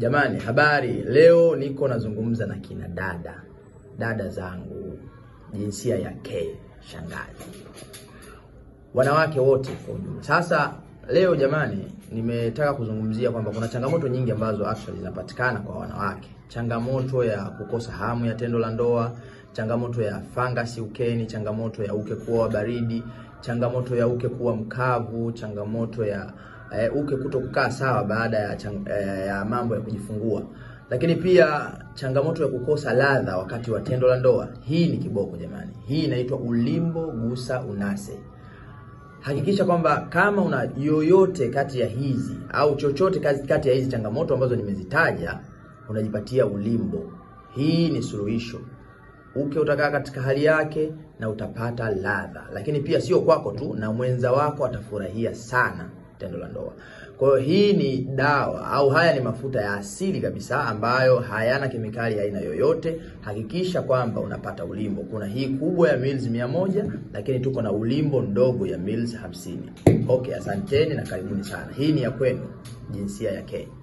Jamani, habari. Leo niko nazungumza na kina dada dada zangu jinsia ya ke shangazi, wanawake wote kwa ujumla. Sasa leo jamani, nimetaka kuzungumzia kwamba kuna changamoto nyingi ambazo actually zinapatikana kwa wanawake, changamoto ya kukosa hamu ya tendo la ndoa, changamoto ya fangasi ukeni, changamoto ya uke kuwa baridi, changamoto ya uke kuwa mkavu, changamoto ya e, uke kutokukaa kukaa sawa baada ya, chang, e, ya mambo ya kujifungua, lakini pia changamoto ya kukosa ladha wakati wa tendo la ndoa. Hii ni kiboko jamani, hii inaitwa ulimbo gusa unase. Hakikisha kwamba kama una yoyote kati ya hizi au chochote kati ya hizi changamoto ambazo nimezitaja, unajipatia ulimbo. Hii ni suluhisho. Uke utakaa katika hali yake na utapata ladha, lakini pia sio kwako tu, na mwenza wako atafurahia sana tendo la ndoa. Kwa hiyo hii ni dawa au haya ni mafuta ya asili kabisa ambayo hayana kemikali aina yoyote. Hakikisha kwamba unapata ulimbo. Kuna hii kubwa ya mils mia moja lakini tuko na ulimbo ndogo ya mils hamsini. Okay, asanteni na karibuni sana. Hii ni ya kwenu, jinsia ya Kenya.